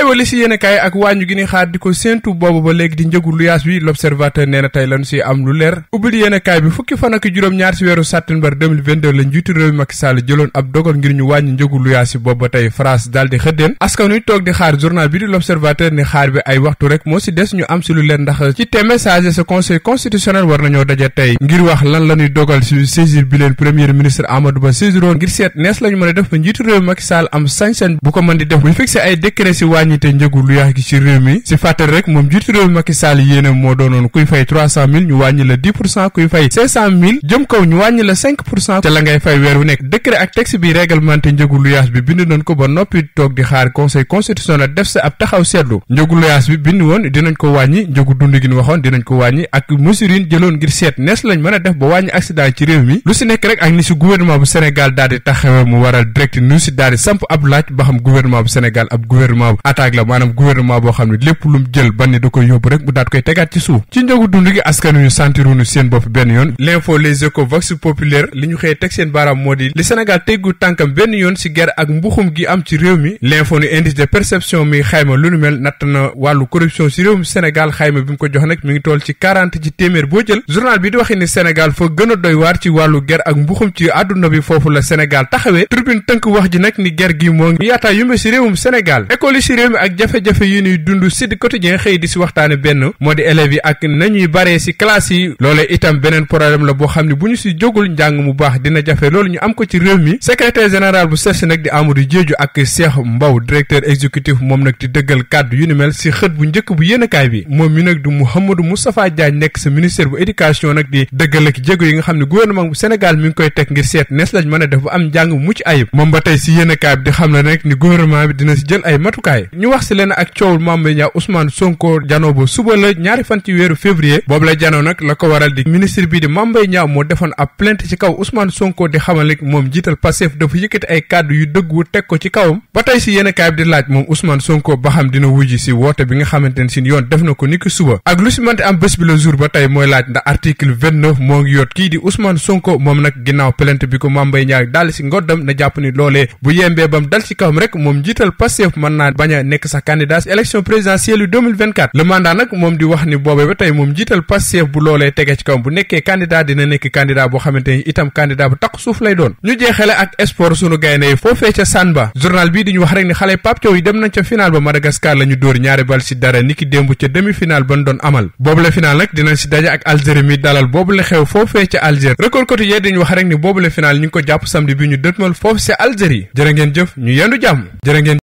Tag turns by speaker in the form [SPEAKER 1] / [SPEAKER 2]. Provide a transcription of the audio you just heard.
[SPEAKER 1] aywa ak wàññu gi ni xaar di ko séentu boobu ba léegi di njëgu luyaas wi l'observateur nee na tey lañu si am lu leer ubbil yéen kaay bi fukki fan ak juróom-ñaar si weeru septembre 2022 la njiitu réew mi Macky Sall jëloon ab dogal ngir ñu wàññi njëgu luyaas yi boobu ba tey France daal di xëddeen askan wi toog di xaar journal bi di l'observateur ni xaar bi ay waxtu rek moo si des ñu am si lu leer ndax ci te message sa conseil constitutionnel war nañoo daje tey ngir wax lan la ñuy dogal si saisir bi leen premier ministre Amadou Ba saisiroon ngir seet nees lañu mën def ba njiitu réew mi Macky Sall am sañ-sañ bu ko mën di def bu fixé ay décret si wàññi wàññite njëgu lu yaax gi ci réew mi si fàttali rek moom bi bind nañ ko ba noppi toog di xaar conseil constitutionnel def sa ab taxaw seetlu njëgu lu bi bind woon dinañ ko wàññi njëgu dund gi ñu waxoon dinañ ko wàññi ak mesures jëloon ngir seet nees lañ mën a def ba wàññi accident ci réew mi lu si nekk rek ak ni si gouvernement bu Sénégal daal di taxawee mu waral direct nu si samp ab laaj ba xam gouvernement bu Sénégal ab gouvernement bu attaque la maanaam gouvernement boo xam ne lépp lu mu jël ban da koy yóbbu rek mu daat koy tegaat ci suuf ci njëgu dund gi askan wi ñu seen bopp benn yoon l'info les échos vox populaire li ñu xëyee teg seen baaraam moo di li Sénégal teggu tànkam benn yoon si guerre ak mbuxum gi am ci réew mi l'info ni indice de perception mi xayma lu nu mel natt na wàllu corruption si réew mi Sénégal xayma bi mu ko jox nag mi ngi tool ci quarante ci téeméer boo jël journal bi di waxee ni Sénégal fa gën a doy waar ci wàllu guerre ak mbuxum ci àdduna bi foofu la Sénégal taxawee tribune tënk wax ji nag ni guerre gi moo ngi yaataa si réewum Sénégal école réew mi ak jafe-jafe yu ñuy dund Sud Quotidien xëy di si waxtaane benn moo di élèves yi ak nañuy bare si classe yi loole itam beneen problème la boo xam ne bu ñu si jógul njàng mu baax dina jafe loolu ñu am ko ci réew mi secrétaire général bu CESE nag di Amadou Diédhiou ak Cheikh mbaw directeur exécutif moom nag di dëggal kàddu yu ni mel si xët bu njëkk bu yéenekaay bi moom mi nag du Mouhamadou Moustapha Diagne nekk sa ministère bu éducation nag di dëggal ak jéego yi nga xam ne gouvernement bu Sénégal mi ngi koy teg seet nees lañ mën a def bu am njàng mucc ayib ba tey si yéenekaay bi di xam ne rek ni gouvernement bi dina si jël ay matukaay ñu wax si leen ak coowul Mame Mbaye Niang Ousmane Sonko janoo ba suba la ñaari fan ci weeru février boobu la janoo nag la ko waral di ministre bi di Mame Mbaye moo defoon ab plainte ci kaw Ousmane Sonko di xamal ne moom jiital Pastef dafa yëkkati ay kàddu yu dëggu teg ko ci kawam ba tey si yéen kaay bi di laaj moom Ousmane Sonko ba xam dina wujji si woote bi nga xamante ne si yoon def na ko niki suba ak lu si mënti am bés bi la jour ba tey mooy laaj ndax article 29 moo ngi yoot kii di Ousmane Sonko moom nag ginnaaw plainte bi ko Mame Mbaye Niang daal si ngoddam na jàpp ni loolee bu yembee bam moom jiital Pastef mën a nekk sax candidat si présidentielle yu 2024 le nag moom di wax ni boobee ba tey moom jiital Pastef bu loolee tege ci kawam bu nekkee candidat dina nekk candidat boo xamante ni itam candidat bu takk suuf lay doon ñu jeexale ak sport sunu gaynde foofee ca Sanba journal bii di wax rek ni xale Pape yi dem nañ ca final ba Madagascar la dóor ñaari bal si dara niki démb ca demi final ban doon amal boobu la nag dinañ si daje ak